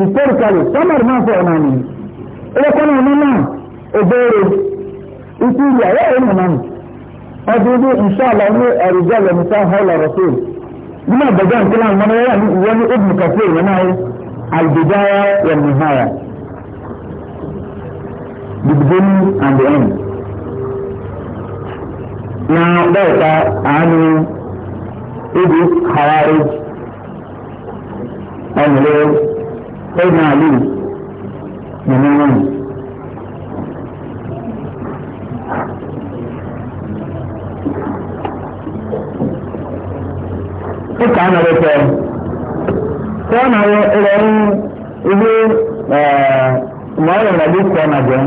historically samar máa fọ ọ̀nà nìyí ẹlẹ́kọ́nà ọ̀nà náà òbéèrè ikú ìyá ẹ̀yà ẹ̀yìn ọ̀nà nì ọdún bí ìṣàlọ̀ ní ẹ̀rùjẹ́ lẹ́mísà hall of baga nínú àgbẹ̀jọ́ nǹkan àwọn ọmọ ẹ̀yà ní ìwọ ní ibùdó kàfé ìwọ ya àlùbẹ̀jáyà yẹmùháyà eh, the beginning and the end na bẹ́ẹ̀ ká àánú ibi kàwárí سيدنا علي يمين kíkà náà ló tẹ tọ́ náà wọ ilẹ̀ ń ilé mọ́ọ̀lù nàbí tọ́ náà jẹun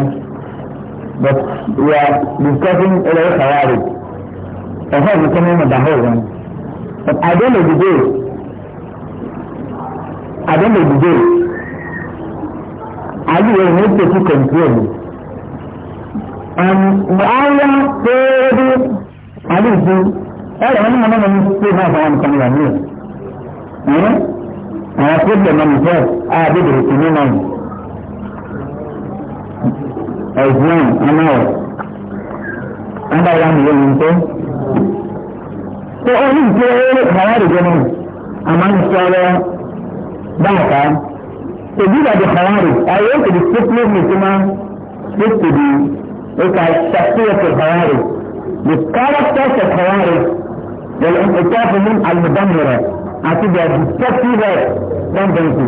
but we are discussing ilẹ̀ ìkàwárì ẹ̀fọ́ ìdíkẹ́ nínú ìdàgbọ́ wọn but I don't know the day I don't know the day aliyu ne ke su control ma'ala tóbi aliyu ẹ̀rọ wọn náà mọ̀ ní pé náà fọwọ́ nǹkan ní àmì ẹ̀ àwọn problem ọmọ ìfẹ́ àbẹ̀bẹ̀rẹ̀ sí ní náà ẹ̀gbọ́n anáwọ̀ ọba ya mi yẹn nìkẹ́ tó ó ní ìgbé ẹ̀rọ àwọn àdìgbẹ́ náà àmà ń sọ ọ báyìí to do like the Hawari. I went to the Sikh movement to man, speak to the, it's like Shaktiya to Hawari. The characters of Hawari, they'll encounter for him al-Mudammira. I think they are destructive of tendency.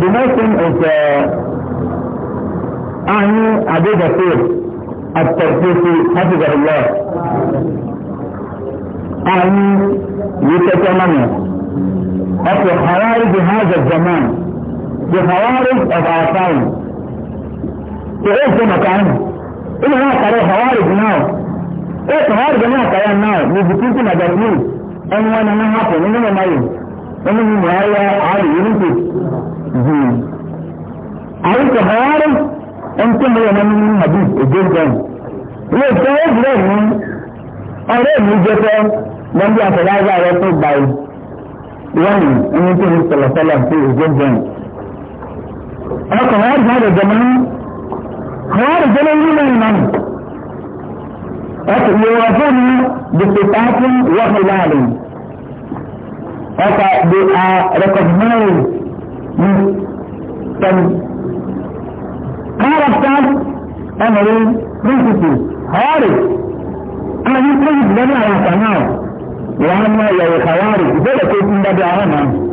the next thing is, uh, Ani Abu Bakir, التركيسي حفظه الله أعني يتكلمني of the Khawarij Jihad of Zaman, the Khawarij of our time. So it's the Makan. Even now, Kare Khawarij now. It's Khawarij now, Kare now. We've been thinking about you. And when it happened, you know what I mean? And then you are Ali, you know it. Are you the Khawarij? And some of them are in Hadith, against them. Look, there is one, ọ̀rẹ́ mi jẹ́ pé wọ́n bí àfẹ́láyà rẹ̀ tó gbà yìí wani ẹni tó ní sọlọsọlọ tó ìgbé jẹun. ọkọ̀ wọ́n rí ọ̀rọ̀ jẹun ní wọ́n rí jẹun ní lẹ́yìn náà. ọkọ̀ ìwọ̀n fún mi dìpò pàápàá wọ́pọ̀ láàrin. ọkọ̀ di a recognized with some characters and principles. ọ̀rẹ́ àwọn ìpínlẹ̀ ìgbẹ́ni àwọn àṣà náà. وأما لو خوارج دولة كنت بدي أنا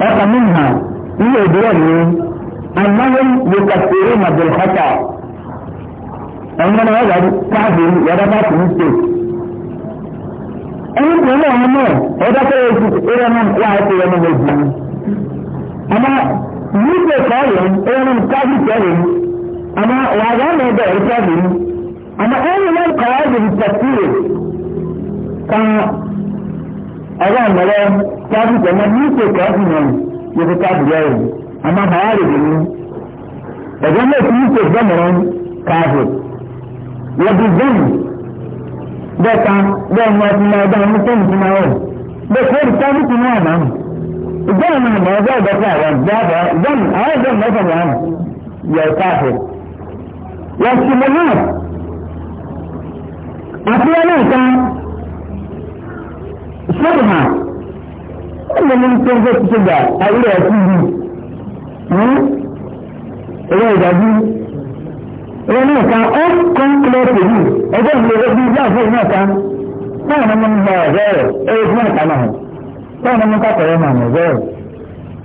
أقى منها هي إدراني أنهم يكفرون بالخطأ أننا هذا تعبير ودفعت مستيك ẹni tó ń أنا، هذا náà ọdọ أنا yẹ kí ẹrẹ náà wà á tó yẹ náà wọ amma wa za mu da ita ne amma ayi nan kawai da tafsir ka ara mara ta fi da nan ni ko ka fi nan ya fi ta biya yi amma ba ya da ni da jama'a su yi ko zama ran kafir ya bi zan da ka da ma kuma da mutum kuma yau da ko ta mutum na nan zan ma ba za da ka ran da zan a zan masa ran ya kafir wọ̀sùnmọ̀ náà àti ẹlẹ́ẹ̀kan sọ́dọ̀mà ẹlẹ́ni tó ń hmm? fẹ́ ṣùgbà àwúrẹ̀ ẹ̀kún yìí ní ẹ̀rọ ìdájú ẹ̀rọ náà kan ó kàn kílẹ̀ pẹ̀lú ẹgbẹ́ ìlú bí ilé àfẹ́ náà kan táwọn ọmọ mi máa ọ̀rẹ́ rẹ̀ ẹ̀rọ fún àtàlà hàn táwọn ọmọ ká kọ̀ọ̀rọ̀ máa ọ̀rẹ́ rẹ̀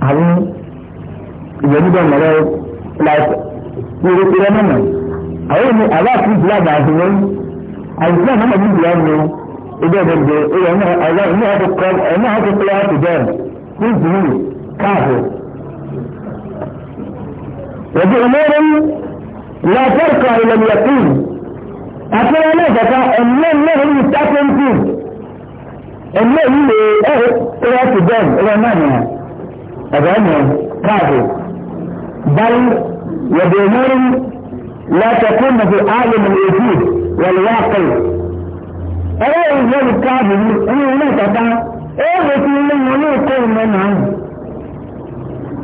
àwọn ìyẹn nígbà mọ̀rẹ́ láìpẹ́ ìrètí rẹ̀ mọ̀mọ́ àwọn ni aláàfin ìdílé àgbà àti wọn àìsàn náà ní ìdílé àgbà ìdí ọ̀dọ̀ ìdè ìyẹn náà ọ̀gá ìní àti kọ́ ẹ̀ní àti kọ́ àti bẹ́ẹ̀ ní ìdílé káàbọ̀. Ẹ̀dí ọmọdún làtọ́kọ̀ ìlẹ̀mìlẹ̀kì àti wọn náà kàkà ẹ̀mí náà ní ìtàkùnkù ẹ̀mí yìí lè ẹ̀rọ àti bẹ́ẹ̀ ẹ̀rọ náà nìyẹn ọ̀gá ẹ̀mí káàbọ̀. Báyìí, ẹ̀dí ọmọdún لا تكون في عالم الوجود والواقع أي غير الكاذب أنا لا تدع أي في من يقول من عنه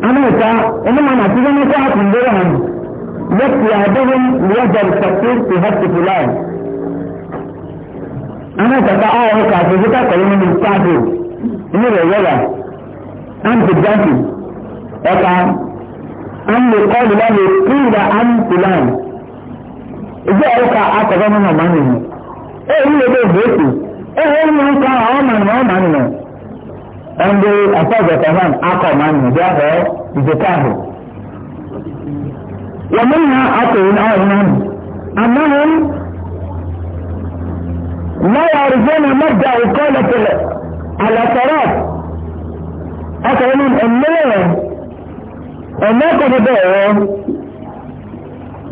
أنا تا أنا ما نتيجة ما تعرف من دونهم يكفي أحدهم يجعل التفسير في هرس فلان أنا تتعاوى كاذبك كلمة من الكاذب إنه رجلا أنت الجاهل أتا أن يقال له قيل عن فلان ìjọ ọrụ ka mọ́ màmá nìyí èyí lè bẹ́ẹ̀ bẹ́ẹ̀ kù èyí ń mú ká àwọn màmá nìyí màmá nìyí ẹnbí afọ́gbẹ̀tà náà akọ̀ màmá nìyí bí na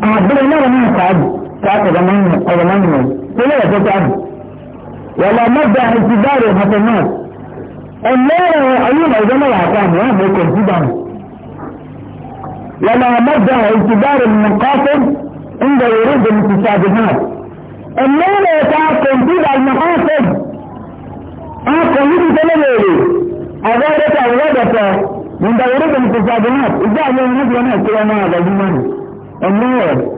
na ọ تعطى ضمانه او ضمانه كلها تتعب ولا مدى اعتبار الحسنات النار ايوب اذا ما يعطاهم يا بكم سيدهم ولا مدى اعتبار المقاصد عند ورود المتشابهات النار يتعقل بيد المقاصد اقل يد تلوي اغارت اغادت من ورود المتشابهات اذا لم نجد ناس كلها ما هذا النار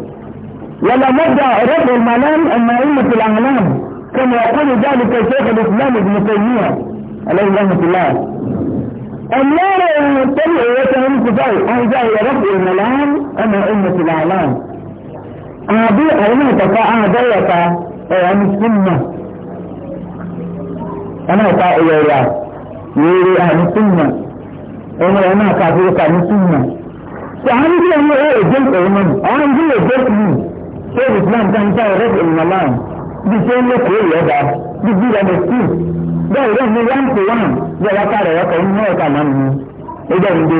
ولا مدى رب المنام أن أئمة الأعلام كما يقول ذلك الشيخ الإسلام ابن تيمية عليه رحمة الله النار يتبع ويتهم كفاية أن جاء رب الملام أن أئمة الأعلام أعضي أئمة فأعضيك أيام السنة أنا أتاقي يا يري أهل السنة أنا أنا أتاقي أهل السنة فعندي أنا أجلت أمم أنا أجلت أمم ṣé islam kanta ọ̀rẹ́ ìmọ̀lá bí ṣe ń lókòó ìyọ̀dà bí bí ìyọ̀dà sí bẹ́ẹ̀ rẹ̀ ní one to one yẹ wá ká rẹ̀ ọkọ̀ nínú ọ̀tá máa nù ẹjọ́ ìdè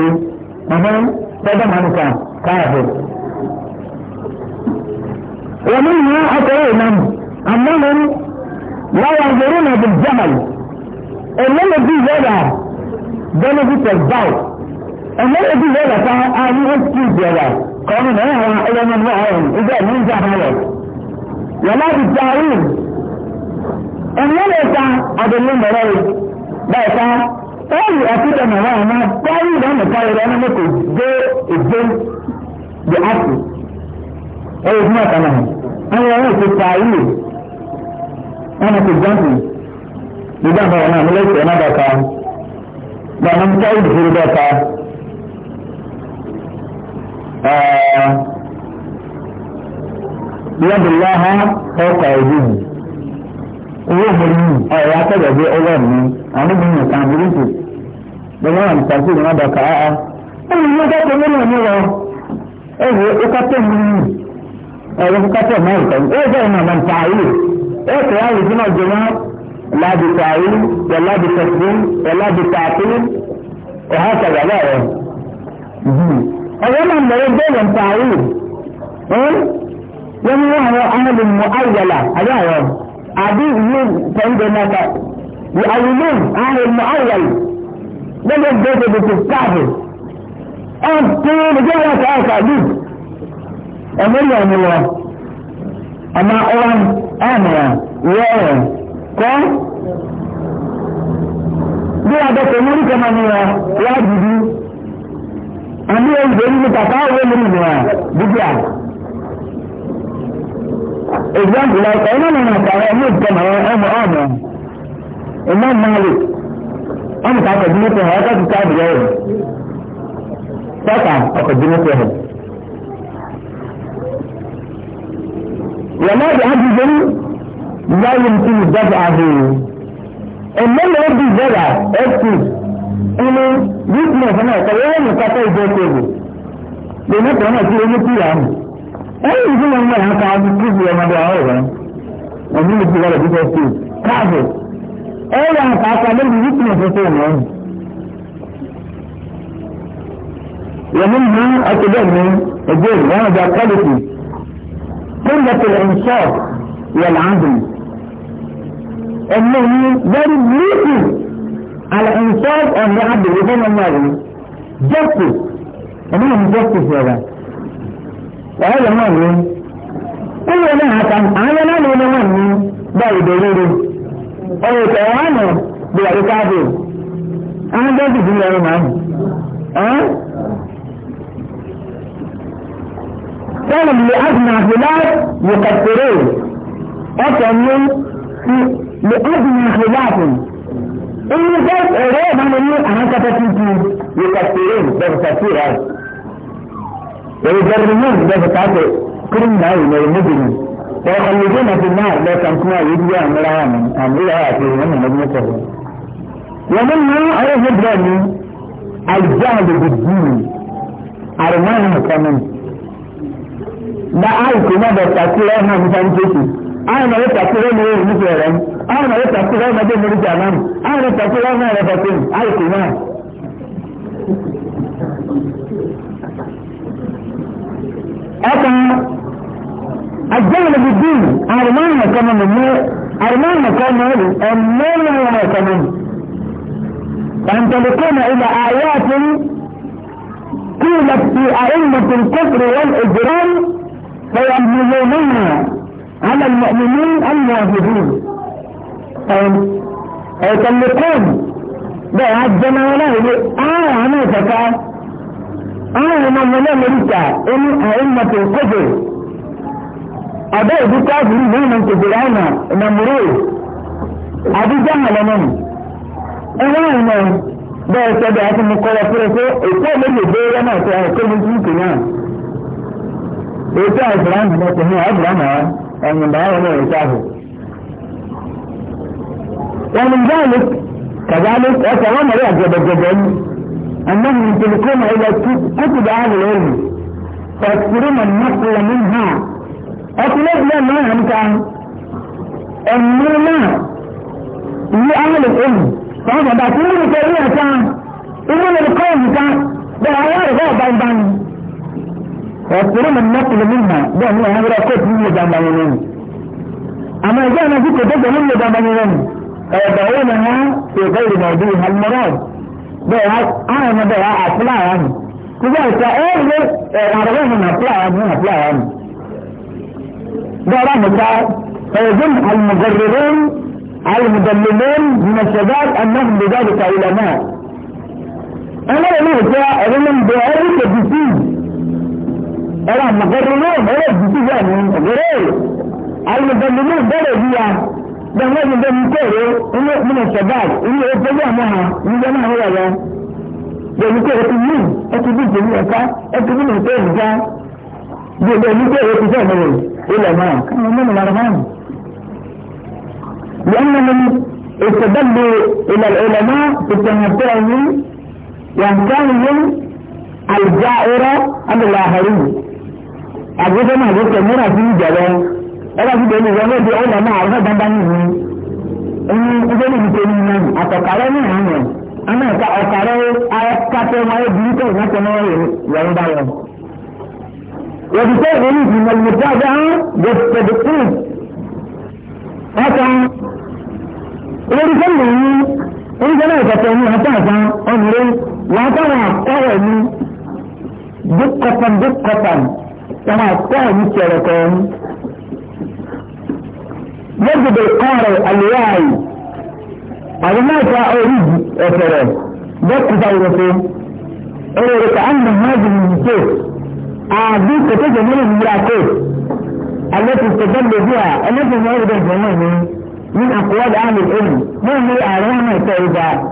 ọ̀hún tọ́jọ́ máa nù kàn káàbọ̀. wọ́n mú ìyá ọkọ̀ rẹ̀ nà àmọ́ lọ láwọn àgbẹ̀rún náà bí jamal ẹ̀lẹ́lẹ̀ bí ìyọ̀dà benefit of doubt ẹ̀lẹ́lẹ̀ bí ìyọ̀dà ká قالوا ما هو إلى من معهم إذا من جهله ولا بالتعويض أن يلقى أدلين بلاي بأسا قالوا أكيد أنا معنا قالوا لأنا قالوا لأنا مكو دي الجن بأسي أي ما كمان أنا أنا في التعويض أنا في الجنس لذا أنا مليت أنا بكا لأنا متعود في البكا yẹ́dùláhà ọkọ̀ ẹ̀dùn owó ìbòmí ọ̀rọ̀ akẹ́gbẹ̀ẹ́ bí ọwọ́ mi àwọn ìbí mi kan burú sí gbogbo àwọn ìtàkùn ìrìn àbọ̀ kàá á ẹ̀yìn ní ọjọ́ tó mílíọ̀nù mi lọ ẹ̀yìn ìkọ́tọ̀ mi ní ẹ̀rọ ìkọ́tọ̀ mi ọ̀rọ̀ ẹ̀yìn ìjọ ìmọ̀ ọ̀nà tààyè ẹ̀kọ́ àwọn ìdí náà jẹ̀mọ́ láti tààyè wọ̀láti tẹ̀sí wọ̀láti tààtì ọ̀hán kàgbà أولا ما يبدو تعويض wọ́n ní àwọn ọmọlùmọ̀ àyàlà aláwọ̀ àbí ìlú tẹ̀lé náà ní àwùlé àhùlmọ̀ àyàlà lọ́dọ̀ gbẹ́gbẹ́ gbèsè káàbù ọ̀n tí wọ́n lè jẹ́ láti àkàlù ọ̀mọ́lù ọ̀mọ́lù ọ̀mọ́ ọ̀rán ọ̀mọ́lù ìyẹ́rẹ̀ kọ́ bí adọ́kọ̀ mọ́rí kọ́mọ́ ni wọ́n wá dìbò. أمي الجري متفاوض من جوا بجوا إذن لو قلنا لنا قال أمي كما هو أم أم إمام مالك أم تقدمته هذا كتاب غيره تقع تقدمته وما بعجز لا يمكن دفعه إنما يبدو الزرع أكتب ẹni business náà kọ̀ yẹ́n ní kọ́tọ́ ìdókòwò lèmi kọ́ náà tí o ní kúrò àmì ẹni ìdí wọn náà yẹn káwọn ti kúrò ọmọdé àwọn ọ̀rẹ́ wọn ní ìdí wọn lè dúpọ̀ sí i káàbọ̀ ẹ yà ń kàkà lórí business tó ń wọ́n. yẹn ní ọtọ́dọ̀ mi ẹgbẹ́ ìwọ́n ọjà quality tó ń bẹ̀tẹ̀ in short yẹ̀ láǹdì ẹ̀mí very beautiful. على الإنصاف أن يعبد لسان الماضي جسد ومن جسد هذا وهذا ما هو كل ما حكم أنا لا نؤمن منه ده يدلله أو يتعاونه بلا إكافي أنا ده في الدنيا ما ها كان لأدنى خلاف يكفرون أكمل لأدنى خلاف inú fẹ́ ẹ̀rọ ọ̀dọ́ mi ní àwọn kẹta tí ti yíkàtìrì dọ́kítàtìrà èyí gẹ́rìmọ́n dọ́kítàtì kírímìnà ìlú ẹ̀mẹ́bìnrin ọ̀hánlẹ́dẹ́ náà ti náà lọ́kàn fún àyè bí àmúra àmì àmúra àti ìwọ̀n ìlú sọ̀rọ̀. wọ́n mú ní ayé hebron ní àjáde gbùgbùrù àrùmáà nìkan náà. na àìkú náà dọ̀kítàtìrà náà ń àwọn ọ̀rẹ́ tàkùrọ̀ ọmọdé mórí jà náà àwọn ọ̀rẹ́ tàkùrọ̀ ọmọ ọ̀rẹ́ bàtẹ́ àìkú náà. ọkàn àjẹ́wọ̀n ibi dín àrùmáàmù kan mọ̀ mọ́ àrùmáàmù kan mọ̀ rí ẹ̀mọ́nà ọmọ kan mọ̀. فانطلقون الى ايات قيلت في ائمه الكفر والاجرام فيحملونها على المؤمنين الموافقين ẹ̀ẹ́dẹ́gbẹ̀kọ́ọ̀n bẹ́ẹ̀ á jẹ́nà wọn láì ní àwọn àmì ìtẹ̀ka àwọn ọmọ ọmọ náà mẹ́ríkà ẹni àìmọ̀tò kóbè ọ̀dọ́ ìdíkọ́ àbúrú ìlú ìmọ̀ kòkòrò àìmọ̀ ìmọ̀mùrú àdíjọ́ àlọ́mọ́mù ẹwọ́n àìmọ̀ bẹ́ẹ̀ sọ́dọ̀ àti mo kọ́ lọ fúnra pé ètò ìlẹ́yìn ìbéèrè náà tó àwọn kọ́mí tí ń kò ètò àìsàn àìmọ̀ tó ní àìsàn àìmọ̀ ẹ̀yìn báyọ̀ náà ètò àìsàn ومن ذلك كذلك أتوانا يعجب جدا جدا أنهم ينتلكون إلى كتب أهل العلم فيكثرون النقل منها أطلق لا ما يمكن أننا لأهل العلم فهذا بعثون كريئة كان إذن القوم كان بالعيار غابا بان فيكثرون النقل منها ده هو هذا كتب من جنبا يمين أما جاءنا ذكر ده من جنبا يمين فيضعونها في غير موضوعها المراد بقى أنا بقى أطلع يعني كذلك أغلب أرغبهم أطلع يعني أطلع يعني ده فيظن المدللون من الشباب أنهم بذلك علماء أنا ليه جاء أغلب بأرغب الجسيد أنا مغررون انا الجسيد يعني غير المدللون ده رجيع dàgbà mi bẹ́ẹ̀ mi kọ̀ọ̀rọ̀ ilé ìpínlẹ̀ shabab ilé ìpínlẹ̀ àmọ́ha níjẹ́ náà wà lọ. Bẹ̀rù pé ẹtù mí ẹtù bí ìjẹ̀mí ẹ̀ka ẹtù bí nìkẹ́ ìjà. Bẹ̀rù mi kọ̀ọ̀rọ̀ ti fẹ́ mẹ́rin ilẹ̀ máa káwọn mẹ́rin lára máa nù. لأن من التدلي إلى العلماء بتمتعهم وإمكانهم الجائرة عن الآخرين. أبو جماعة ọba ti bẹ̀rẹ̀ ìwọ lóde ọ̀la máa ọ̀gá dandan nìyí ẹni ìgbẹ́ ní ìgbẹ́ ní ìyẹn àtọ̀kárẹ́ ní àná àná ẹ̀ka ọ̀kárẹ́ ayọ́kátẹ́ wọn ẹ̀dùn tó ìyẹn tẹ̀ náà yẹn bá yẹn. Yẹ̀dù tó ìwé ní ìgbìmọ̀ ìgbìmọ̀ tó àgbà hàn the the truth. Ọ̀tá lórí tó lè ní oúnjẹ náà ìkọ̀tọ̀ ní ọ̀tá àgbà ọ̀nìyẹ wọ́n táwọn àkọ́wẹ̀ ní dúkọ̀tàn dúkọ̀tàn táwọn àkọ́wẹ̀ ní kẹ̀rẹ̀kọ̀ọ́ يجب القارئ الواعي على ما أريد أفره ذلك ثورته أرى يتعلم هذه النصوص أعزيك تجمل المراكز التي استدل بها التي ما يريد الجمال من أقوال أهل العلم ما هي أعلامة تأذى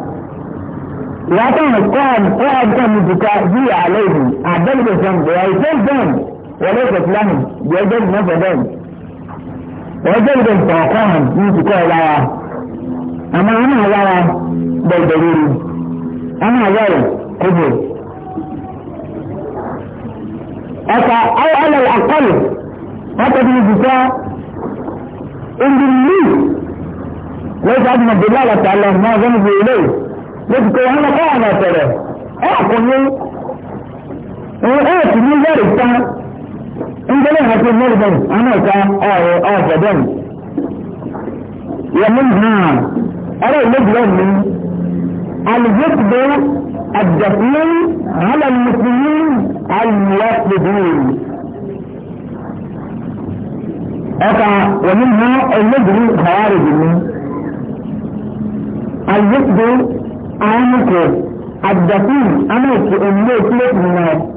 لكن القرآن قاعد كان بتأذي عليهم أعدل بذنب ويزال ذنب وليست لهم يزال نفذ ذنب ọjọ́ ìdè ìtọ̀ọ̀kọ́ hàn ní ìtìkọ́ ìlara àmọ́ àwọn àlára bẹ̀rẹ̀ lórí àwọn àlọ́rẹ̀ kóbò. ọ̀kà àwọn ọlọ́rẹ̀ àkọlù látọ̀dí ìdìkọ́ ìdìlú lọ́sọ̀ àdìmọ̀ bèlá àlàtà lọ mọ́ ọ̀gá níbi ilé lọ́sọ̀kọ́ wọn lọ́kọ́ àwọn ọ̀tẹ̀rẹ̀ ẹ̀ àkọ́ni ẹ̀ ẹ̀ tì ní lẹ́rìí tán عندنا هذه المرضى أمريكا أو أو جدًا ومنها أرى من الجذب الدفين على المسلمين الموحدين أتى ومنها المجرم خوارج الجذب عامك الدخول أمريكا أمريكا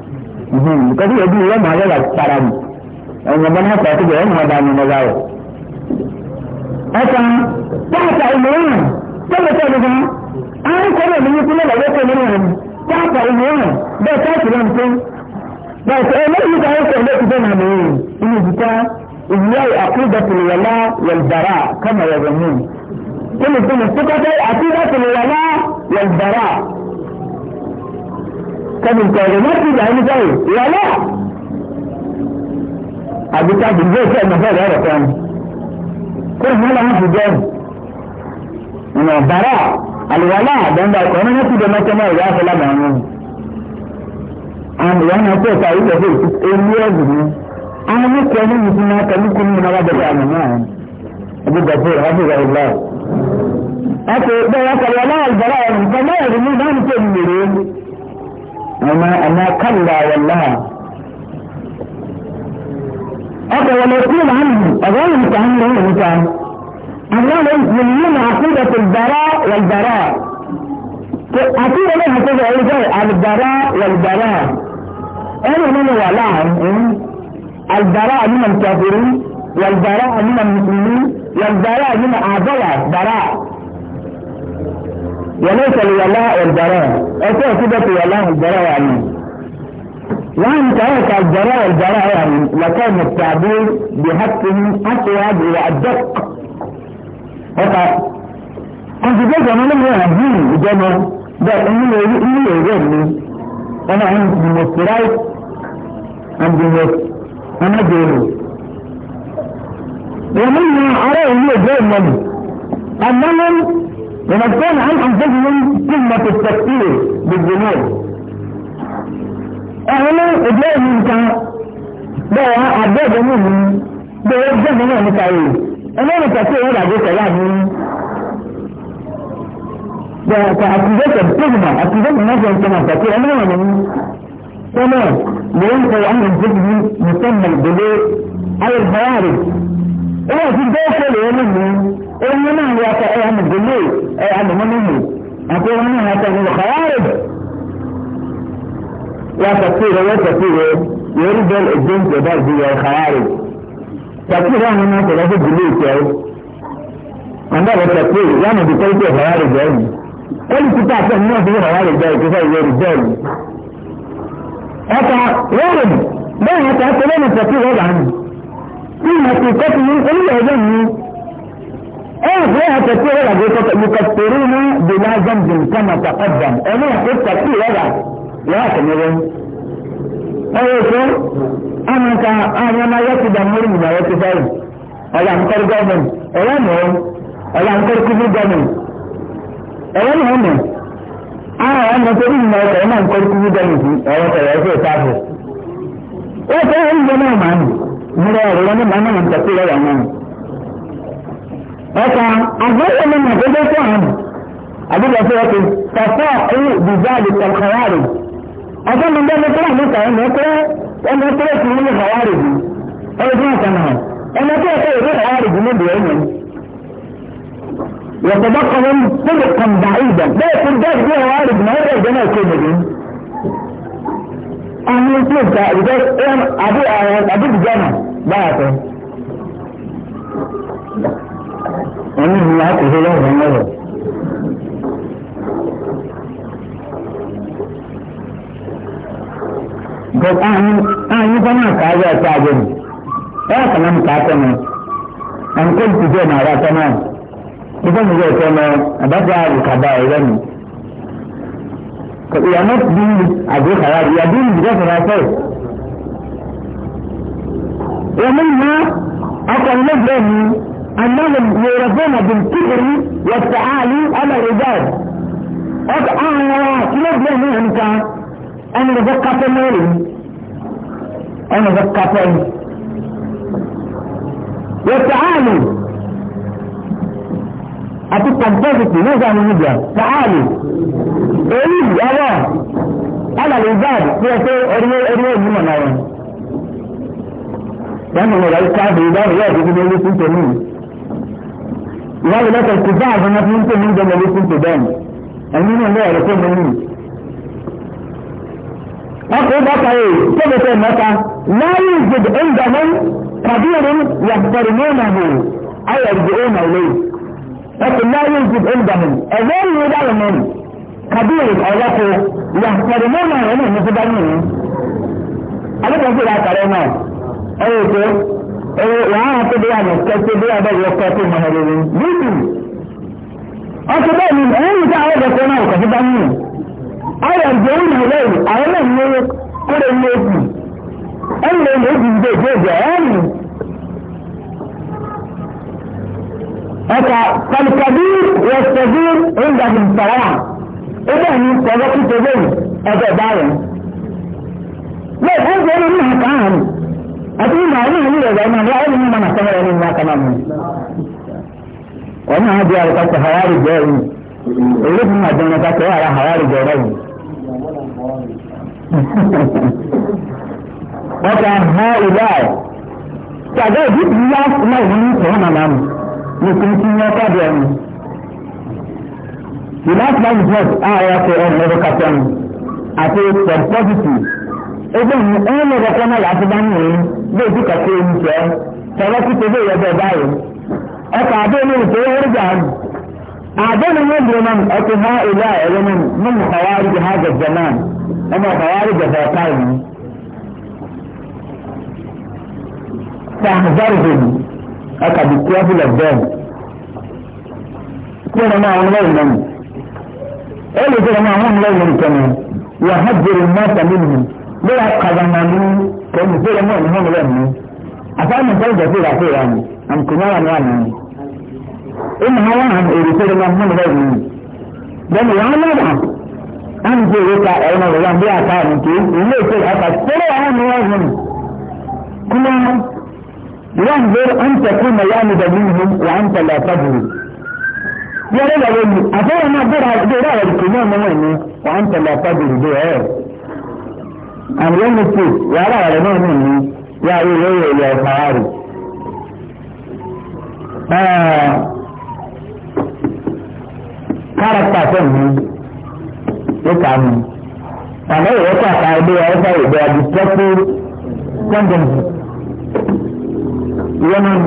Mhm. because yẹ bi yẹ mọ ayẹ la tara mu ẹnyẹmọ náà kọ ọtí bẹ ẹ mọ dání mọ báyọ. ọ̀sán dáàtà ìmọ̀ràn tẹ́lẹ̀ tẹ́lẹ̀ gan an kọ́ bẹ́ẹ̀ nínú kúlẹ̀ lọ́wọ́ tó nínú ẹ̀mí dáàtà ìmọ̀ràn bẹ́ẹ̀ tẹ́ẹ̀tì náà tó bẹ́ẹ̀ ẹ lẹ́yìn ìgbà yẹn sọ̀rọ̀ lẹ́kùn bẹ́ẹ̀ nàmì yìí inú ìdíkà ìyá àkúdàtì ìyàlá yẹ̀lbàrà kọ́mà yẹ̀rọ̀ mú. kí ni kí ni kókó kẹ́mi kọ̀ọ̀rọ̀ láti ìgbà ẹni sọ̀rọ̀ ìrọ̀lẹ́ àbíká àdúgbò ìfẹ́ ìmọ̀fẹ́ rẹ̀ rẹ̀ kan kó ìmọ̀ làwọn fi jẹun ìmọ̀ bàrà àlùwàlà àdánwò ọ̀rọ̀ náà ti dẹ̀ mọ́tẹ́mọ́ ìyá afọlábà wọn. àwọn ìyá náà pẹ̀ ká ìgbà fún ewu ẹ̀gùn mi àwọn oníkẹ́ ẹni yìí fún náà kẹ́lí kún mi náà wà bẹ̀rẹ̀ àmì náà ẹbí gbàgbé rábì rà ìlà. ọkọ̀ ìgbà wọn kọ̀ أما أما كلا والله أبا ولا يقول عنه أغير تعمل هنا إنسان الله يسلمون عقيدة البراء والبراء عقيدة لها كذا أيضا البراء والبراء أنا من ولاهم البراء من الكافرين والبراء من المسلمين والبراء من أعداء براء وليس لولاء البراء أكو كده ولاء والبراء يعني وأن ترك الجراء والبراء يعني لكان التعبير بحقه أسود وأدق فقط كنت جاءت أنا لم يهديني جمع ده أنا إنه يغني أنا عندي المسترايت عندي المسترايت أنا جيري ومن أرى إنه جيري أنا أنهم ونبتعد عن أنفسهم كلمة التكفير بالذنوب أهلا إجلاء منك بوا عباد منهم بوا عباد منهم تعيش أنا نتكفير ولا جيت يعني فأكيدات التجمع أكيدات الناس كما تكفير أنا منهم تمام لينقل عن أنفسهم مسمى الجلوء على الخوارج إلا في الداخل يوم منهم ولما نعم يا ايه عم الجلوس ايه عم منه اقول انا هتعمل الخوارج يا تفسير يا تفسير يريد الجنس برضه يا خوارج تفسير انا ما تلاقي الجلوس يا عندها تفسير يعني بتقول خوارج يعني كل كتاب فهم في خوارج ده كفايه رجال هذا ورد ما هذا كلام التفسير هذا عنه في حقيقته الا ذنبه ايه هي تكفير ولا يكفرون بلا ذنب كما تقدم انا هقول تكفير ولا لكن يقول ايه شو انا كا انا ما يكفي دمور من يكفي فاي ولا انكر جامن ولا مهم ولا انكر كفر جامن ولا مهم اه انا تقول ما ولا انا انكر كفر جامن ولا تقول تافه ايه هو اللي ما معنى مرة ولا ما معنى تكفير ولا معنى ọkà àgbẹ̀wò ní àgbẹ̀wò fún àwọn àgbẹ̀wò ọkọ̀ tọ̀fọ́ ẹ̀yìn bìzáàlì tọ̀kọ̀wárì ọkọ̀ mi bẹ́ẹ̀ ní kúrò níta ẹ̀mọ́ kúrò ẹ̀mọ́ kúrò sí ní kọ̀wárì bì ẹ̀yìn fún ọ̀kan náà ẹ̀mọ́ kúrò sí ní kọ̀wárì bì níbi ẹ̀yìn يتبقى من سبقا بعيدا لا wọ́n ní ìlú láti ṣe lọ́wọ́ lọ́wọ́. Gbogbo àwọn yín fọ́nà àkáyé ọ̀tá àjẹ́ mi, ẹ yà kàn án kà á tẹ̀ mọ́, àǹkó ti jẹ́ ọ̀nà àrà tẹ́lẹ̀ náà, ìfẹ́ mi yẹ ẹ̀tọ́ mọ́, àbájá àbùkàdá ẹ̀rẹ́ mi. We are not doing it as a haram, we are doing it because of ourselves. Wọ́n mú akọ̀ ilé ìgbẹ́ mi. أنهم يرضون بالكبر والتعالي على العباد أبعانا كلاب لهم كان أنا ذكرت مولي أنا ذكرت والتعالي أتتنفذت ماذا من نجا تعالي أريد أرى على العباد في أريد أريد أريد من أرى لأنه رأيك عبد الله يجب أن يكون wọ́n lè lọ́kọ̀ kó bá àwọn ọmọ tó ń jẹ́ lọ́wọ́ fún sudan ẹ̀yin náà lọ́wọ́ rẹ̀ tó mọ nínú. ọkùnrin bá kàwé tẹ́lẹ̀tẹ́ mẹ́ta láyé ìgbèdè ẹ̀ńdàmọ́ kàdírin yàtọ̀rọ̀ mọ́nà hù ayọ̀dẹ̀ ọ̀nà lẹ́yìn. ọkùnrin láyé ìgbèdè ẹ̀ńdàmọ́ ẹ̀wọ́ ìwé dáhùn mọ́nà kàdírin ọ̀lọ́kọ̀ yàtọ̀rọ̀ mọ́nà hù ẹ̀nà ìmọ̀síbánú wàhálà tó bóyá ní kẹ́kẹ́ bóyá bẹ́ẹ̀ yọ kẹ́kẹ́ mọ́ ẹ̀rọ rẹ̀ yíyí. ọtí bẹ́ẹ̀ ni ẹ̀yìn tí àwọn ọ̀dọ̀kọ̀ náà kọ̀ fúnpa nínú. ayọ̀ ìjọ ń yìí lẹ́yìn àwọn náà ní kúrò ní ojú. ẹ̀yìn lè lè jìnnì dé ìjọ ẹ̀yìn. ọkà kàlùkàdì wọ̀sẹ̀dì ìgbàgbìn sàrà. ó bẹ́ẹ̀ ni sọ̀rọ̀ kíkẹ́ bẹ́ẹ̀ ọjọ́ ìbáyọ̀. Tapi mana ini ya zaman dia ini mana sama ini mana sama ini. Orang ada yang kata hawari jauh. Ini pun ada yang kata ada hawari jauh. Maka hawari. Jadi di dia semua ini sama nama. Mungkin punya kata dia. The last line is not ayat yang mereka Ati positif. Even all of the channel at the bí ojú kàkó ẹni jẹ tọ́lá sí pé bẹ́ẹ̀ yọjọ́ báyìí ọkọ̀ àbẹ́ni ìfẹ́ ẹ̀rọ̀jà ni àbẹ́ni yóò dúró náà ọtí ha ìlú ẹ̀rọ náà nínú kọ̀wárí jẹ ha jẹjẹ náà ọmọ kọ̀wárí jẹ bọ̀ọ̀ká yìí. Tàǹzárìhìn ọkọ̀ bí kúrẹ́fìlẹ̀ bẹ́ẹ̀ kí ni máa ń lọ́yìn náà ẹ lè jẹ́ ọmọ àwọn ọmọ lọ́yìn náà kò ní pé ẹmọ ìhun rẹ mi àfáàmì tó ń jẹ fúra fúra mi àmukùnmáwá ni wà nà ní. ìmọ̀ àwọn àwọn èrè tó ń lọ fún rẹ mi bẹ́ẹ̀ni wọ́n lọ́dà àmì tó èrè ka ẹ̀rọ rẹ̀ wọ́n bí àká mi kì í ilé ìfẹ́ àká sẹ́rẹ̀ àwọn mi wọ́n hùn. kúmọ́ wọ́n bẹ̀rẹ̀ ń tẹ̀kú mọ̀ yá mi dàbí ìhun wà ń tẹ̀lé àtàbùrù. yẹ́rẹ́ lọ́wọ́ mi àfẹ́wọ́n náà bẹ̀rẹ̀ àgbẹ̀rẹ̀ àrẹ̀ kò náà mọ́ and when you pray wàhálà rẹ̀ náà nù ní yà á ilé ìrẹ̀lẹ̀ ọ̀fàá rẹ̀. káràkítà fún mi ló kà mí àmọ́ ìwé pàtà ẹgbẹ́ ọ̀fà ìgbẹ́ àdìsẹ́kù kọ́ndọ̀mù ìyẹn náà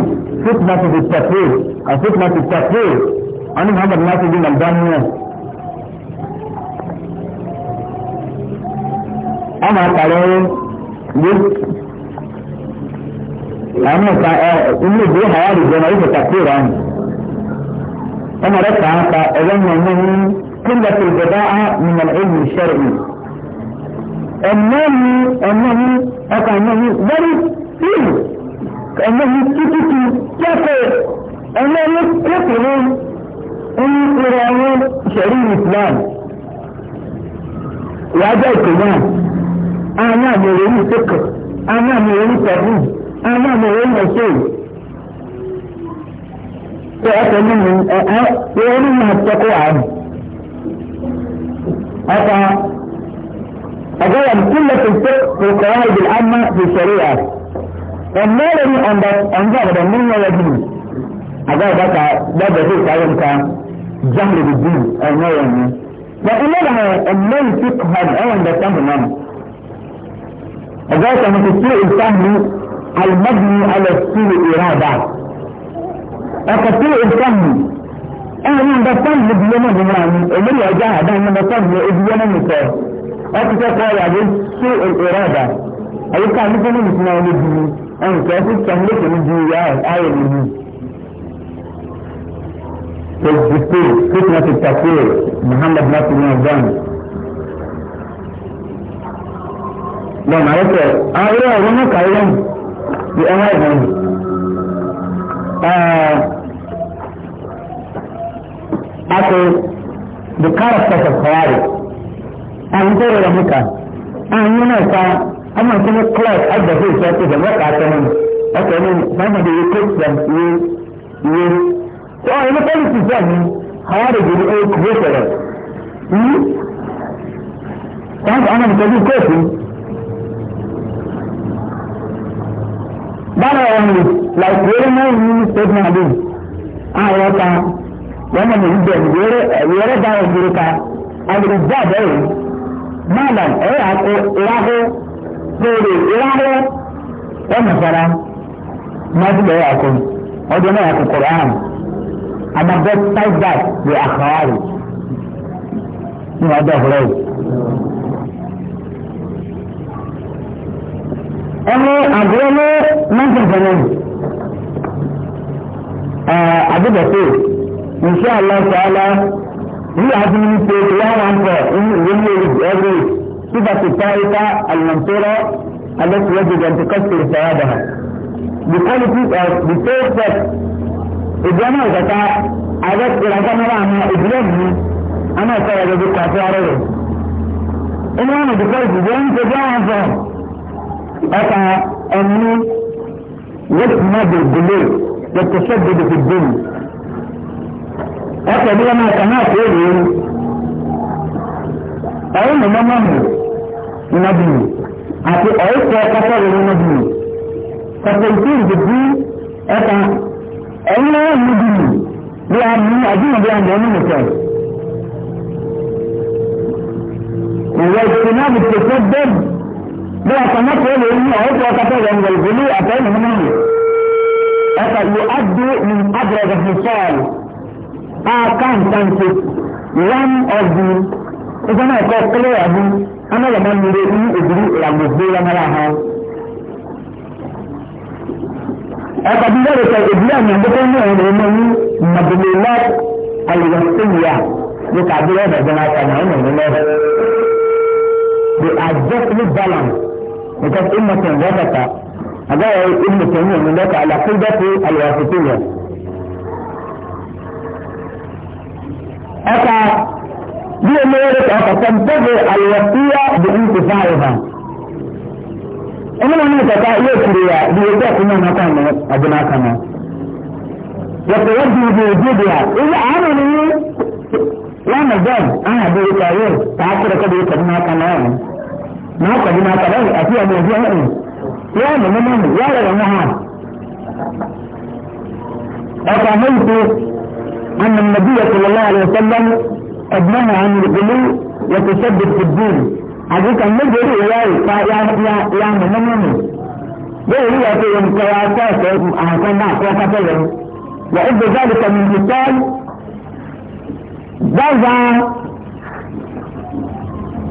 fitna ti fi tẹ̀pẹ́ àfitna ti tẹ̀pẹ́ ọ̀nà muhammed nasiru nàìjíríà. ọmọ àtàrà gbé àwọn ọ̀sà ẹ inú ìgbé àwọn àdìgbò náà ìfẹ̀tà kúrò àmì ọmọ rẹ̀ kà á ta ẹ̀rọ mọ̀ ní kílẹ̀ tó gbẹ̀dá á nìmọ̀ ẹ̀yìn ìṣẹ̀rẹ̀ mi. ẹ̀mọ́ mi ẹ̀mọ́ mi ọkà ẹ̀mọ́ mi very few ẹ̀mọ́ mi tututu kẹ́kọ̀ọ́ ẹ̀mọ́ mi kékeré ń kúrò àwọn ìṣẹ̀rí ìsìlámù. wàá jẹ́ ìpè náà. anya mere ní tókò anya mere ní tẹ̀lú anya mere ní ọ̀ṣẹ́ yìí. ṣé ọkọ̀ nínú ẹ̀ ẹ́ wọ́n ní máa tẹ́kọ̀ àrùn. ọkọ̀ ọgọ́rọ̀ kúlẹ̀ tó tó kòkòrò ìdè àmà ti sọ̀rọ̀ yà. ọ̀mọ́rẹ̀ ní ọ̀ndà ọ̀ndà ọ̀dà nínú ọ̀rọ̀ yìí. ọgọ́rọ̀ bàtà dábẹ̀ tó sáré nǹkan jáde bìbí ọ̀nyọ́rọ̀ ni. But ذات من السوء الفهم المبني على سوء الإرادة أكثر الفهم أنا بفهم بيوم الجمعان اللي أجاها ده أنا بفهم بيوم النساء أكثر قال عليه سوء الإرادة أي كان مثل مثل ولدي أنا كيف تملك ولدي يا آية ولدي في الدكتور فتنة التكفير محمد ناصر بن lọ màá yẹ kẹ àwọn ọ̀rọ̀ náà kàwé lẹ́nu bí ẹ̀wọ̀n ẹ̀gbọ́n mi. Ake the character of Ferrari. muka, tó rẹ̀ mú ká. Àwọn yóò náà ká ọmọ ìsinmi club agbẹ̀fẹ́ ìṣẹ́ tó dẹ̀ mọ́ta àtẹ nínú. Ọkọ̀ ní sáyẹn de yóò coach them ìwé ìwé. Wọ́n ẹni pọ́lìsì sọ̀ ní Ferrari jù hmm? ní old creator. Sáyẹn ọmọ ìsinmi coach ni. that um, like very nice new statement again ah yes ah one of the reason where where that is very far and the job eh madam eh ako iraho sorry iraho eh masara masala eh ako ọjọ náà kò kọrọ àrùn àmọ bẹẹ lè àkàwárì ní ọjọ ìfúrẹ́yì. ẹni àbúrò ní mẹ́tìntìní àdìbẹ̀tẹ̀ nṣẹ́ aláṣọ́lá ní àdìmínísẹ̀ one one four ní ìwéyé ẹgbẹ́ síbà ti ta ita alimọ̀tẹ́rọ̀ alẹ́sìwájú ìdàntìkọ́sì ìfọwọ́dà the quality of the same sex ìjọba ìgbàta ààrẹ ìlànà kámẹ́rà àmọ́ ìdílé mi àmọ́ ìfọwọ́dà ti kọ́ àti ara rẹ̀ inú àwọn ìdíkọ́ ìdílé ń ṣe bí àwọn fọ́ọ̀mù. أتى أني يسمى بالدليل والتشدد في الدين أتى بلا ما كما تقول أين ممن نبي أتى أيك كفر النبي فتلتين بالدين أتى أين نبي بأن أدين بأن دين مثال واجتناب التشدد bí ọ̀sán náà kò lè ní ọ̀hún tó ọ̀sán tó yẹn wọ̀lùbọ̀ ní ọ̀sán ìlú náà ẹ̀ka yóò adé ní abẹ́rẹ́ fún sọ́ọ̀lù àkàǹtàǹtì one of the ìjọba náà kọ́ kílẹ̀ ọ̀bí anáyọ̀mọ́ nílé ní òbírí ìyàgbọ̀gbé yamara ha. ẹ̀ka bí wọ́n lè sọ ìdílé àmì àgbẹ̀kọ́ ní ọ̀hún ẹ̀mọ́ ní màdùmílá àlùyọ̀sẹ̀yà ní kàdúrà ọ̀dọ̀ وكانت أمة ذاتك هذا ابن تيمية من ذاك على قيدة الواسطية أتى بأمرك وتنتظر الوصية بانتفاعها أمنا منك تأيي كريا بيجاك ما مكان أبناكنا وتودي بوجودها إذا عملي لا مجال أنا بيجاك تأكد كده كده ما كان máa pẹ̀lú máa pẹ̀lú ẹ̀rù àti ọmọ ìdí ẹ̀rù yóò mú mímọ́ mi yóò rẹ̀ wọ́n hàn. ọkọ̀ àmọ́yìnbó أن النبي صلى الله عليه وسلم أبنى عن الغلو يتشدد في الدين àdìsí kan méje rí ìyá ìta ya mọ̀mọ́ mọ̀mọ́ bẹ́ẹ̀ rí ọ̀tọ̀ yẹn kọ́ ya kọ́ ẹ̀kọ́ àkọ́ náà kọ́ kápẹ́ yẹn wà ó gbé jáde kan ní ìtọ́ dáza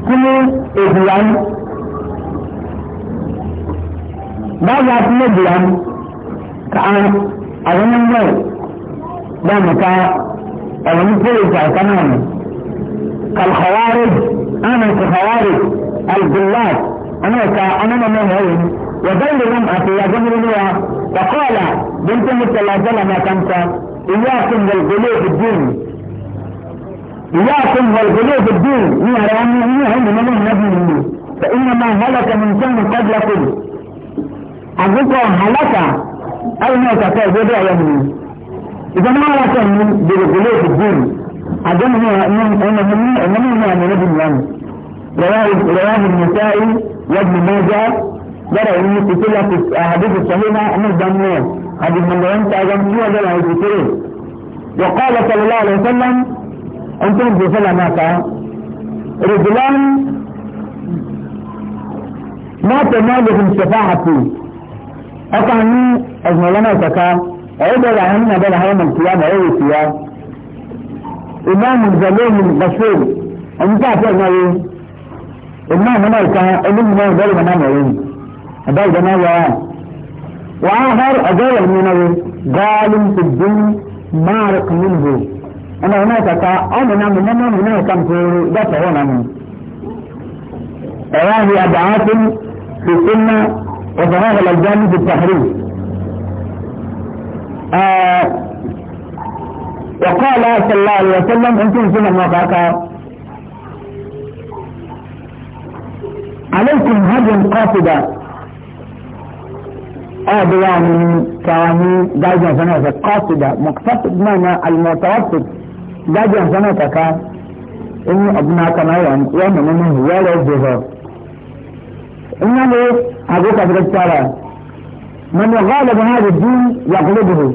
sínú èdìyà ní. báwo la sínú èdìyà ní ká àwọn ọmọ ẹgbẹ́ dáàmú ká ọ̀rọ̀ ní pólìsì àìsàn náà ní. kàlùkọ̀wárì àmì kàlùkọ̀wárì alùpùpù أنا كا أنا ما مهين وبلغهم أتيا جملنا وقال بنت مثل ما كانت إياكم بالغلو في الدين إياكم والغلو في الدين من رأيهم هم من النبي منه فإنما هلك من كان قبلكم أقولكم هلك أي ما تقول يدعي يمني إذا ما هلكم بالغلو في الدين أدنى من أنهم من من من نبي الله رواه النسائي وابن ماجه جرى إن كتلة أحاديث الصحيحة أن دمنا حديث من لم تعلم فيها جرى وقال صلى الله عليه وسلم انتم في من ما كان رجلان ما تنالهم شفاعتي أقعني أجملنا تكا أعود على عمنا بلا هرم القيامة أو القيامة إمام ظلوم غفور أنت ايه إمام ملكة إمام ملكة إمام ملكة إمام ملكة هذا جماعة وآخر أجاية من ظالم في الدين مارق منه ọmọ ọmọ ìkàkà ọmọ náà mọ mọ mọ náà kà mpòrò dọ́tọ̀ wọn nàmú. ẹ̀rọ ahìí àdáhàtún fèsì ńlá ọ̀sán ọ̀hìn ọ̀gbọ́n ní ti pàrọ̀. وقال صلى الله عليه وسلم انتم سنة مقاكا عليكم هدي قاصدة أبوان كواني دايما سنة قاصدة مقتصد معنى المتوسط dajin sama kaka in yi abu na kama yan yan mamanin ya da zuwa in ya ne abu ka zira tsara man ya gala ba hada din ya kula da hu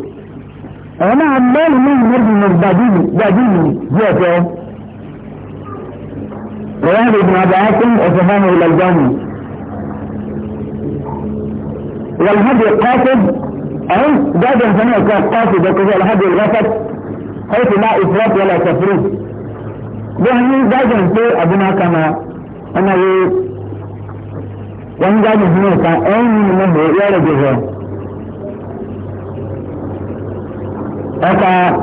ana amma ne mun marbi marbadi dadini ya ta ويهد ابن عباكم وفهمه الى الجنة والهدي القاصد او بعد ان سمعت القاصد وكذا الهدي الغفت حيث لا إفراط ولا تفريط يعني داجن في أبنا كما أنا يو يعني هنا هناك أين منه يا رجل أكا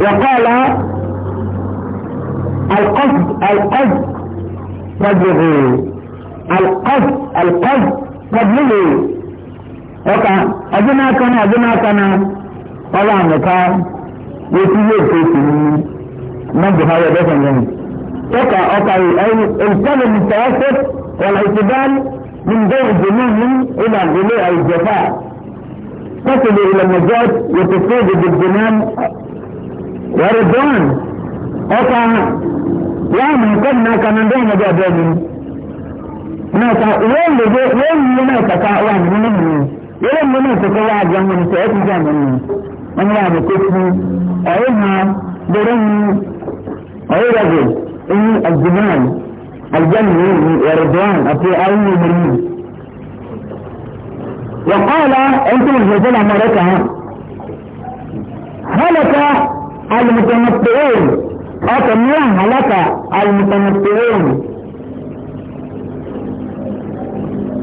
وقال القصد القصد تبلغوا القصد القصد تبلغوا وقال أبنا كان أبنا كان ọba àmìká wọ́n ti yé èso sí ní mọ́jọ ha yẹ bẹ́sẹ̀ yẹn. Tọ́ka ọkà yìí ẹni ìtọ́lẹ̀ nìtọ́sẹ̀ wọ̀lá ìtìdáàlì ní ǹjẹ́ ìdùnnú ní ìlà ìdílé àìjẹ̀fà. Tọ́kìlì ìlẹ̀mọ̀jọ́ yòtòfó ìdìbò náà wọ́rẹ̀ dọ́n ọkà láàmú nǹkan náà kaná dọ́n ọjọ́ ọjọ́ mi. Nàkà wọ́n lè gbé wọ́n yí náà kàkà wà nínú mi. Wọ́n mú náà kàkà wà á jẹun ní sẹ́yìn wọ́n yà àbùkù fún ọ̀rẹ́ ha bẹ̀rẹ̀ ní ọ̀rẹ́ rẹ̀gẹ̀ ẹ̀yìn àjùmáàlì àjẹ́nu ní ẹ̀rọ̀dọ́n àti àwọn ènìyàn. وقال انت الجزل مرتها هلك المتمتعون أتمنى هلك المتمتعون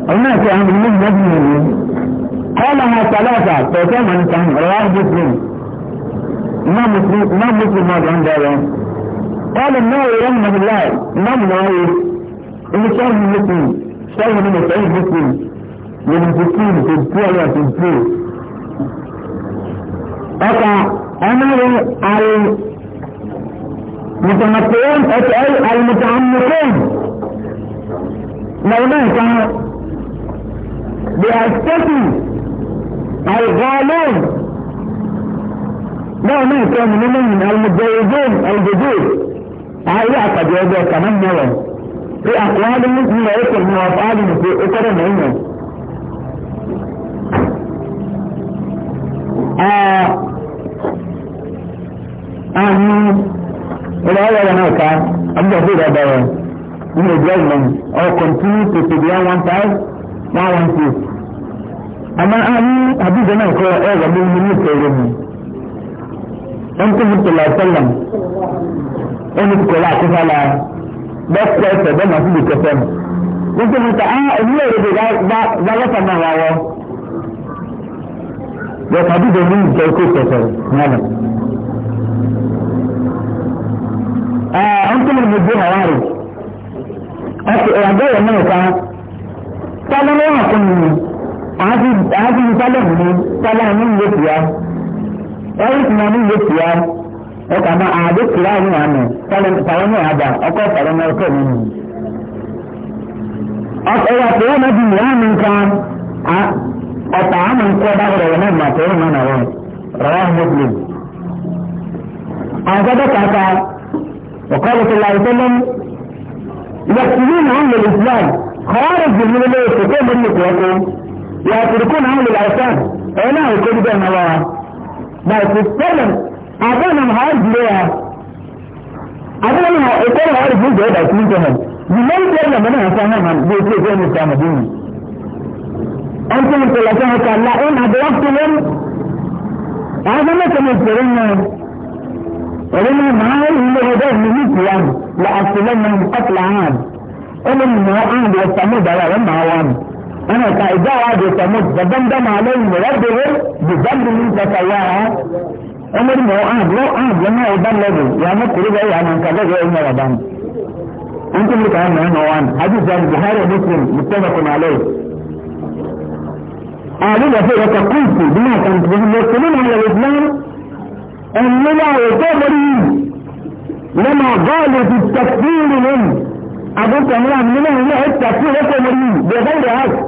هناك أمر من مجنون قالها ثلاثة عن طيب، نتهم رواه مسلم ما مسلم ما مسلم ما عند قال النووي رحمه الله ما النووي إن شرح مسلم شرح من سعيد مسلم من المسلمين في الكوية في الكوية أتى أمر المتمتعين أتأي المتعمقين لو كان بأستاذي الغالون لا ما كان من المتجوزون الجدود عائلة قد يوجد كمان نوع في أقوالهم من يكن وأفعالهم في أسر منهم آه آه ولا الأول أنا كان أبدا في هذا من الجيل من، أو continue to be on one side, one one two amma an yi hadisi nan ko ya rabu mun yi tsere mu an kuma talatan nan an yi kola ku fala da kwaita da masu da kafan mun kuma ta an yi yau da ba ba ta nan rawo ya tabi da mun ko ko kafan malam an kuma mu bi hawari ake rago wannan ka ta nan wa kun àti ìsálẹ̀mù ni sálà ní ìwé tìá ẹ̀rí tìmá ní ìwé tìá ọkà máa àdé tìá ní àná sàwọn ní àdá ọkọ̀ sàwọn ní ọkọ̀ mi nìyí. ọ̀sẹ̀ yà pé wọ́n náà di mìíràn mi nǹkan ọ̀tà àmì nǹkan bá rẹ̀ wọ́n náà mà tó rìn náà wọ́n rọ̀wá muslim. àwọn sọ́dọ̀ kàkà ọ̀kọ́ lọ́sọ̀lá ìtọ́lọ́m yàtúwìn àwọn ìlú islam kọ́wárẹ̀ jù mí lé yàtìrìkú náà lè láìsá ẹ̀ náà kó dúdú ẹ̀ náà wá by six seven àbọ̀nà hard layer àbọ̀nà ẹ̀kọ́ náà wà lùfún ìjọba ìtìlú ìjọba the main problem náà fún ọmọ mi bí o ti ṣe ní ìsàmù bí mi. ẹn tí mo tẹ̀lé fún ọkọ̀ àlá ẹ̀ náà bọ̀ wọ́pọ̀ máa ń lé ọjọ́ mi ní ìtura mi lọ àfẹ́lẹ́ náà kọ́tìlá hàn ẹ̀rọ mi máa ń lọ sàmúdàrà rẹ̀ máa wà mí. أنا كإداء هذا تموت دم فدمدم عليهم ربهم من فسواها عمر ما أهل لو أهل لما يبان له يا مكر إذا يا من كذا يا عمر أبان أنتم لك أهم أهم أوان حديث عن البخاري ومسلم متفق عليه قالوا له وتقلت بما كانت بهم يقولون على الإسلام أننا يتمرين لما قالوا في التكفير منه أبوك أمرا منه هنا التكفير يتمرين بغير هذا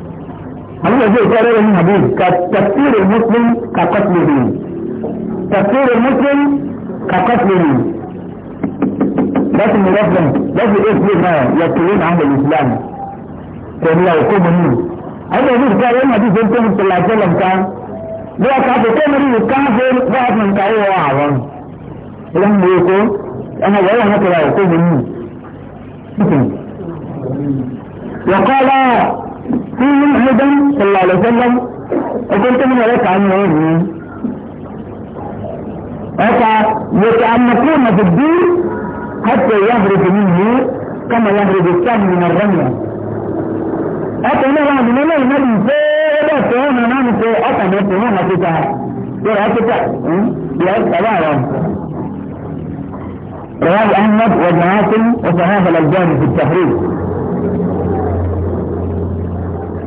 هل يجوز قرار من حديث كتفسير المسلم كقتله تفسير المسلم كقتله بس مرفض بس اسم ما يكتبون عن الاسلام كان يعقوب منه هل يجوز قرار من حديث انتم صلى الله عليه وسلم كان لو كان تمر الكافر بعد من كاي واعظم لما يكون انا ولا هكذا يعقوب منه وقال فيهم هدى صلى الله عليه وسلم وكنت من عليك عنه يتعمقون في الدين حتى يهرب منه كما يهرب السهم من الرمية أتى لا الله ما ينسى ولا تهون نعم في أتى ما تهون فتا ترى فتا لا تبارا رواه أحمد وابن عاصم وصحاف الألباني في التحريف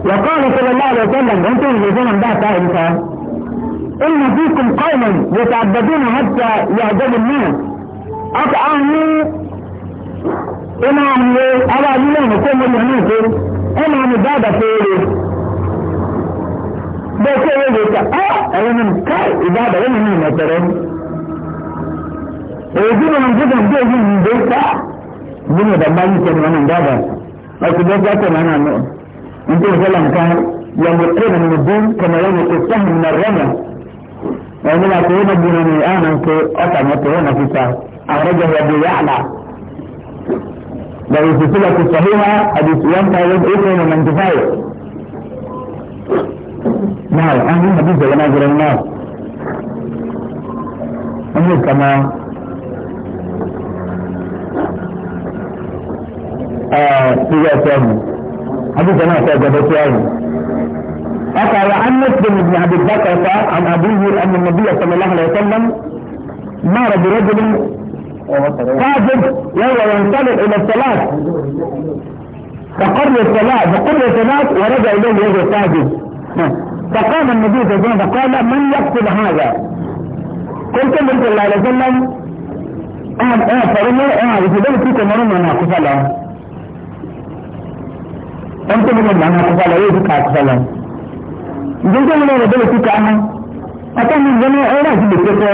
وقال صلى الله عليه وسلم انتم الذين بعد انت ان فيكم قوما يتعبدون حتى يعجب الناس اطعموا امام على يمين كم يمينك امام بابا فيري bẹ́ẹ̀ tí ẹ̀rọ yóò ta ọ́ ẹ̀rọ nínú ká ìbáàdà ẹ̀rọ nínú ìmọ̀tẹ̀rẹ̀ èyí nínú ìjọba ìjọba ìjọba ìjọba ìjọba ìjọba ìjọba ìjọba ìjọba ìjọba ìjọba ìjọba ìjọba انت مثلا كان يمقون من الدين كما يمق السهم من الرمى ومن أقوم الدين آمن كأطعم يطعون في سهم أخرجه أبو يعلى لو في سلة الصحيحة حديث ينفع يدعو من انتفاعه نعم أهل حديث ونازل الناس أمير كما آه في جاء حديث ما تعجبت يعني أقع وعن مسلم بن أبي بكر عن أبيه أن النبي صلى الله عليه وسلم مر برجل قادر وهو ينطلق إلى الصلاة فقر الصلاة فقر الصلاة ورجع إليه وهو ساجد فقام النبي صلى الله عليه وسلم قال من يقتل هذا؟ قلت النبي صلى الله عليه وسلم اه اه فرمه اه بسبب فيكم مرمى أنا قتله ẹn tó mímọ ìlànà àkọsọ lọ yóò fi kà àkọsọ lọ. ǹjẹ́ tó mímọ ìrọ̀bẹ́ lè fi kà á mọ́ ọ̀tọ́ mi ìjọba ẹ̀rọ àti lè pẹ́pẹ́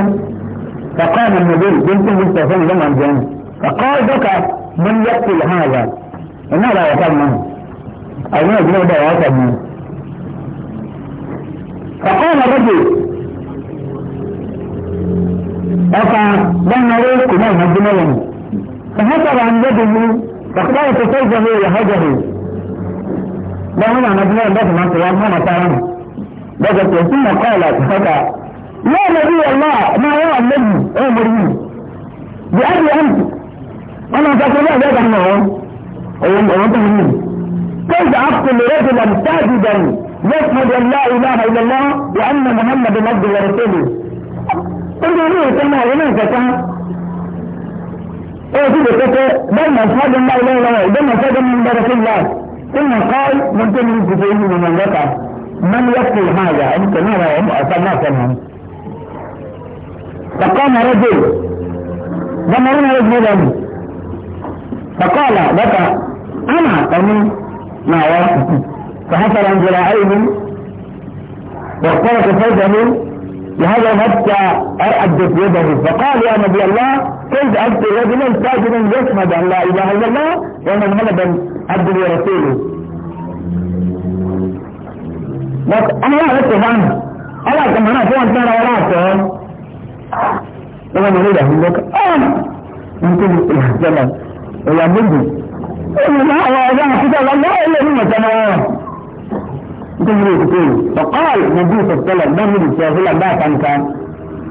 kàkọ́ ọ̀nà ìmọ̀bẹ́ ìjọba tó mímọ ìtọ̀fẹ́ ìjọba máa ń jẹun kàkọ́ ọ̀dọ́ka mọ yẹ kó lè hàn àgbà ẹ̀ná àlà wọ́tà mọ́ àwọn ìjọba ọ̀dọ́ wọ́tà mọ́. kàkọ́ ọ̀nà rẹ́dì ọ̀ka dánáwó kò لهم أنا أبناء بس ما سيام هم أتعلم بس ثم قالت حتى يا نبي الله ما هو النبي أو مريم بأبي أنت أنا فاكر لا يدعم لهم وأنت مريم كيف أقتل رجلا ساجدا يشهد أن لا إله إلا الله وأن محمد عبده ورسوله قلت له كما وليس كما ايه كده كده ده المشهد لا اله الا الله ده المشهد من رسول الله ثم قال من ممكن يجي من المملكة من يقتل هذا انت نرى ما فقام رجل ضمرنا رجلا فقال لك انا قومي ما فحصل عن ذراعيه واختلط فوجه لهذا حتى ارأدت يده فقال يا نبي الله سيد عبد رجلا تاجرا يسمد ان لا اله الا الله ومن ومنهلبا عبد ورسوله بس انا لا اعرف عنه انا كما انا فوق ترى وراسه انا نريد ان لك انا ممكن الزمن ولا بدي انا لا اعرف كده لا الا انا تمام فقال النبي صلى الله عليه وسلم من الشافعي بعد ان كان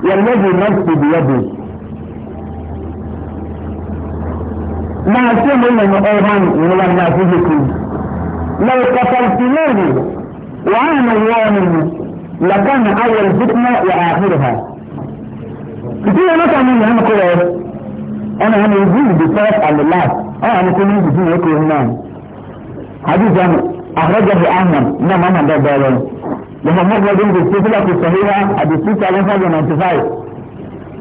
يلوي نفسي بيده ما أتم من أيضا ولا ما فيكم لو قتلتموني وأنا يوم لكان أول فتنة وآخرها كتير مثلا من هم كويس أنا هم يجيب بصرف على الله أنا هم كل يجيب يجيب الله حديث أخرجه أحمد نعم أنا ده ده لما مخرج في الصحيحة حديث 6 على 95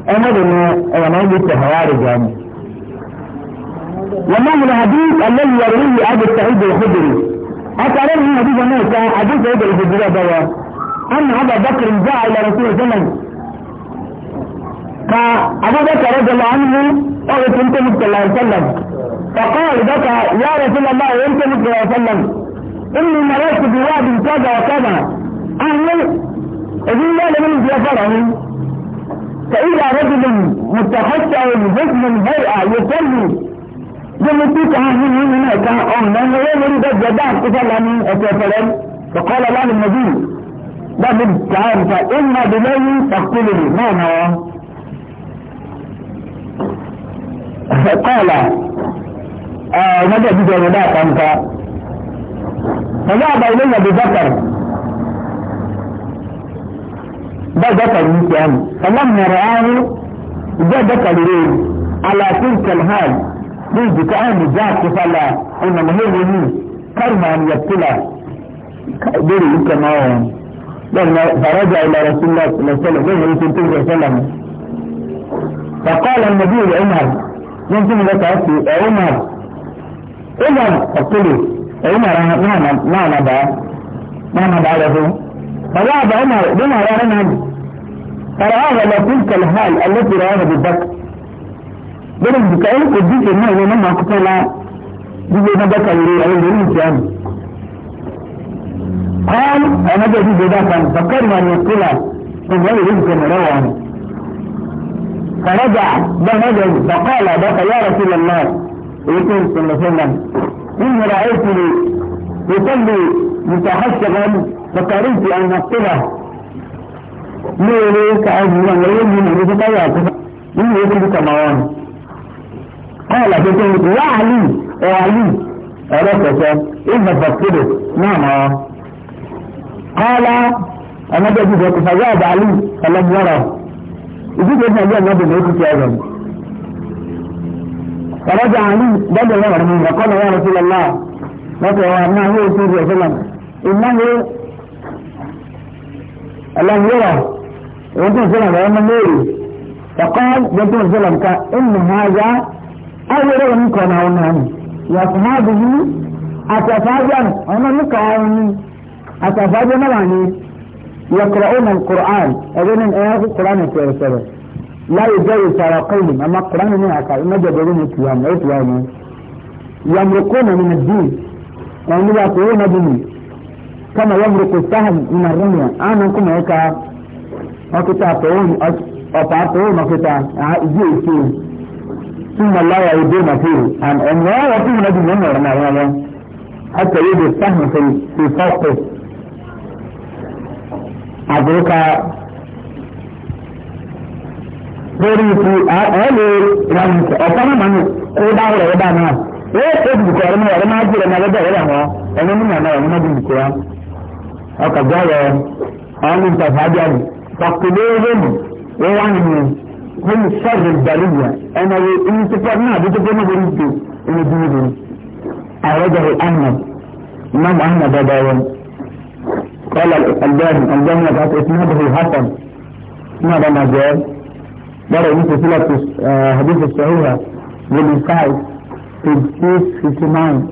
أنا ده أنا يجيب تهواري يعني. جامد ومن الحديث الذي يرويه أبو سعيد الخدري أتعلم من حديث موسى حديث سعيد الخدري دواء أن أبا بكر جاء إلى رسول الله فأبو بكر رضي الله عنه قال كنت صلى الله عليه وسلم فقال بك يا رسول الله أنت صلى الله عليه وسلم إني مررت بواد كذا وكذا أهل إذن لا لمن يفرهم فإذا رجل متخشع حسن الهيئة يصلي جمتك عن هنا كأمنا ويريد الجداء كفل من أتفلم فقال له النبي ده من تعالى فإما بلي تقتلني ما هو فقال ماذا بجردات أنت فذهب إلي بذكر ده ذكر مثل فلما رآه ده ذكر على تلك الحال بيجي كأن جاك فلا إن مهير مني كلمة أن يبتلى ديري لك لما فرجع إلى رسول الله صلى الله عليه وسلم غير رسول الله صلى الله عليه وسلم فقال النبي لعمر يمكن لك أسي عمر عمر فقلت عمر نعم نبع نعم نبع له فذهب عمر بما رأى منه فرآه تلك الحال التي رآها بالبكر bẹ́ẹ̀ bùkà ẹ̀rọ kò díje náà ní ọmọ akọ́kọ́ la díje náà dáka àwọn ìrè ìjà mi. قال أنا بدي بدافع فكرنا أن يقول إن هذه رزق مروع فرجع ده رجل فقال بك يا رسول الله يقول صلى الله عليه وسلم إني رأيتني يصلي متحشقا فقررت أن أقتله ليه ليه كأجل من غير من رزق يعطيه قال تقول يا علي يا علي أردت إذا فكرت نعم قال أنا بجد وقف فجاء علي فلم يرى يجيب ابن أبي النبي بيكت يا أبن فرجع علي بدل نظر منه وقال يا رسول الله نقول وأنا هو صلى الله عليه وسلم إنه لم يرى وأنتم سلم وأنا ميري فقال بنتم سلم إن هذا awere wani kona wani ya kuma buhu a tafajen wani muka wani a tafajen na wani ya kura'unan kur'an a ganin ɗaya su kur'an ke da sabar la yi jari sara kaulin amma kur'an ne aka ina jabaru ne tuwa ne tuwa ne ya murko na min addini wani ba ku yi na dini kama ya murko sahan ina rumiya anan kuma ya ka mafita ta wani a fata wani mafita a ijiye ce ثم لا يعيدون فيه عن أمره وفيه نجم من رمضان حتى يجد السهم في في فوقه عبرك lórí ti ọ̀ọ́lù ìrànwọ́ ọ̀sán máa ń kó dáwọ̀ ẹ̀dá náà yóò tó dùkọ̀ ọ̀rọ̀ náà ọ̀rọ̀ máa jẹ́ ọ̀nà ẹ̀dá ẹ̀dá wọn ẹ̀mí nínú àná ọ̀rọ̀ náà dùkọ̀ wọn. ọkọ̀ jọ́ ọ̀rọ̀ ọ̀ọ́lù ìtàfà ájá rẹ̀ pàkúlé ẹ̀rọ mi wọ́n wá nínú هم شر البرية أنا انتفرنا بتقولنا بريدو ومدينه أرده أحمد إمام أحمد أباوان قال الألباني الألباني بعد إسناده الحسن ما بما جاء درى من سلسلة حديث الصحيحة للنسائي في الكيس في سمان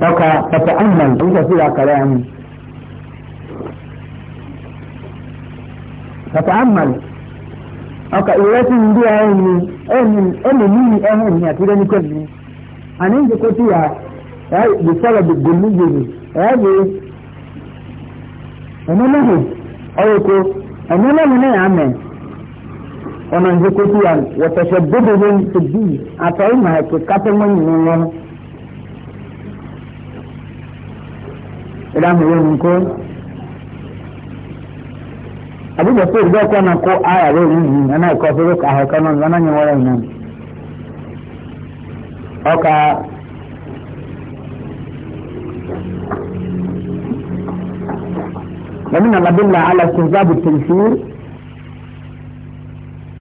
فقط فتأمل أنت في كلامي فتعمل ọkà ìrẹsì ń bí ẹ̀hún ni ẹ̀mí níyì ẹ̀hún ni àti rẹ́ni kọ́ ni àní ìjẹ́kọ́ tí wà ẹ̀ bí sọ̀rọ̀ bí gbòmí gbèrè ẹ̀ bí ẹ̀mọ́lẹ́hìn ọ̀rẹ́kọ́ ẹ̀mọ́lẹ́hìn náà àmẹ́ ọ̀nà ìjẹ́kọ́ tí wà wọ̀tẹ̀sẹ̀ bóbó ló ń ti bí àtọ̀ ìmọ̀ ẹ̀kọ́ kápẹ́mọ́nì ni wọ́n. ìdáhùn yẹn nìkan abin da so idan kwana ko aya zai yi yi ana ko sai ka ha kana nan nan yawa nan oka ومن الأدلة على استهزاء التنفير